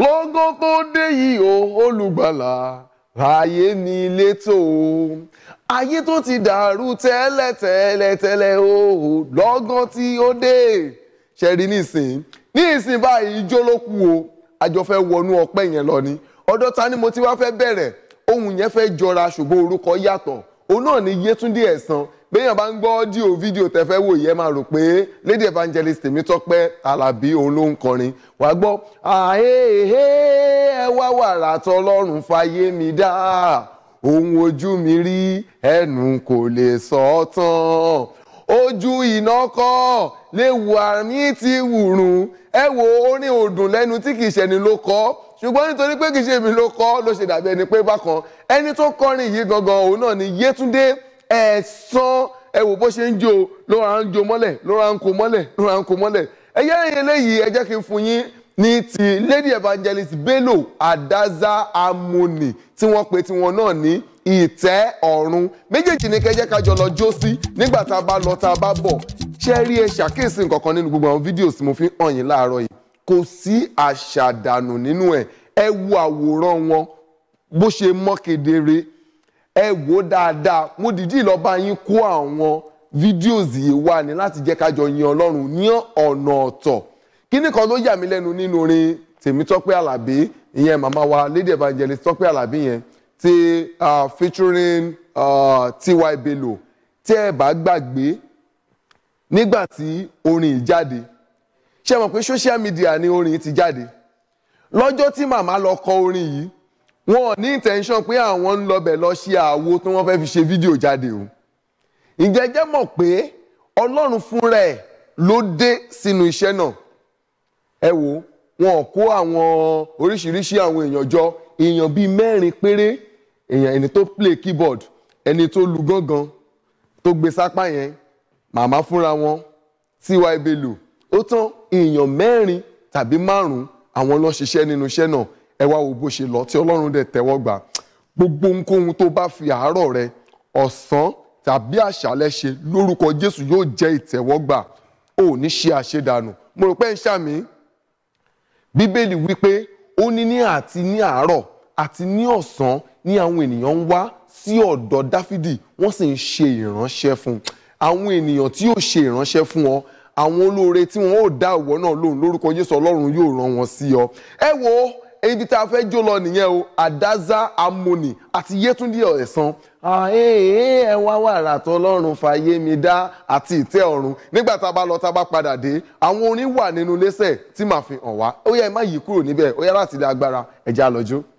lọ́gán tó dé yìí o olùgbàlà ayé mi létò o ayé tó ti dàrú tẹ́lẹ̀ tẹ́lẹ̀ tẹ́lẹ̀ o lọ́gán tí ó dé ṣẹ́rí nísìn ní ìsìn báyìí ijó o àjọ fẹ́ wọnú ọpẹ́ yẹn lọ ni ọ̀dọ̀ ta ni mo ti wá fẹ́ bẹ̀rẹ̀ ohun yẹn fẹ́ jọra ṣùgbọ́n orúkọ yàtọ̀ òun náà ni Yétúndé Ẹ̀sán béèyàn bá ń gbọ́ ọ́díò fídíò tẹ́fẹ́ wò yẹ máa rò pé lady evangelist Tèmítọ́pẹ́ Àlàbí òun ló ń kọrin wà gbọ́ àhèhè ẹ wá wàrà tọlọ́run fàyè mi dá ohun ojú mi rí ẹnu kò lè sọ ọ́ tán ojú iná kọ́ léwu àmì ti wùrùn ẹ wo orin òdùn lẹ́nu tí kìí ṣẹni ló kọ́ ṣùgbọ́n nítorí pé kìí ṣe èmi ló kọ́ ló ṣe dàbí ẹni pé bákan ẹni tó kọrin yìí gangan òun náà ni Yétúndé ẹ̀sán ẹ wò bó ṣe ń jó ló ra ń jó mọ́lẹ̀ ló ra ń kó mọ́lẹ̀ ló ra ń kó mọ́lẹ̀ ẹ̀yẹ́ eléyìí ẹ jẹ́ kí n fún yín ní ti Lady Evangelist Bello Adaza Amoni tí wọ́n pe tiwọn náà ní ìtẹ́ ọ̀run méjèèjì ní kẹjẹ́ kájọ lọ jó sí nígbà tá a bá lọ tá a bá bọ̀ ṣé rí ẹ ṣàkíyèsí nǹkan kan nínú gbogbo àwọn fídíò tí mo fi hàn yín láàárọ̀ yìí kò sí àṣàdànù nínú ẹ̀ ẹ wo àwòrán wọn bó ṣe mọ́ kedere ẹ wò dáadáa mo dìídì lọ bá yín kó àwọn videos yìí wá ní láti jẹ́ ká jọ yin ọlọ́run ní ọ̀nà ọ̀tọ̀ kíní kan ló yà mí lẹ́nu nínú orin Tèmítọ́pẹ́ Àlàbí ìyẹn màmá wa lady evangelist Tọ́pẹ́ Àlàbí yẹn ti uh, featuring uh, T.Y. Bello tẹ́ ẹ bá gbàgbé nígbà tí orin yìí jáde ṣé mọ̀ pé social media ni orin yìí ti jáde lọ́jọ́ tí màmá lọ kọ orin yìí wọn ò ní intention pé àwọn ń lọbẹ̀ lọ ṣe àwo tí wọ́n fẹ́ fi ṣe fídíò jáde o ìjẹ́jẹ́ mọ̀ pé ọlọ́run fúnra ẹ̀ ló dé sínú iṣẹ́ náà ẹ wo wọn kó àwọn oríṣiríṣi àwọn èèyàn jọ èèyàn bíi mẹ́rin péré èèyàn ẹni tó play keyboard ẹni tó lu gángan tó gbé sápá yẹn màmá fúnra wọn tiwa ebelu ó tán èèyàn mẹ́rin tàbí márùn-ún àwọn ló ṣiṣẹ́ nínú iṣẹ́ náà ẹ wá wo bó ṣe lọ tí ọlọ́run dẹ̀ tẹ́wọ́ gbà gbogbo ohunkóhun tó bá fi àárọ̀ rẹ ọ̀sán tàbí àṣálẹ́ ṣe lórúkọ jésù yóò jẹ́ ìtẹ́wọ́gbà ò ní ṣe àṣedànù mo rò pé ń ṣàmì bíbélì wípé ó ní ní àti ní àárọ̀ àti ní ọ̀sán ní àwọn ènìyàn ń wá sí ọ̀dọ̀ dáfídì wọ́n sì ń ṣe ìránṣẹ́ fún un àwọn ènìyàn tí yóò ṣe ìránṣẹ́ fún ọ àwọn olóore tí wọn ò dá ìwọ náà lóhùn lórúkọ jésù ọlọ́run yóò rán wọn sí ọ ẹ wo ibi tá a fẹ́ jó lọ nìyẹn o àdáza amoni àti yétúndí ẹ̀sán ẹ wá wàrà fa fàyè mi dá àti ìtẹ́ ọ̀run nígbà tá a bá lọ tá a bá padà dé àwọn orin wà nínú lẹ́sẹ̀ tí màá fi hàn wá ó yá ẹ má yí kúrò níbẹ̀ ó yá láti ilé agbára ẹ̀já lọ́jọ́.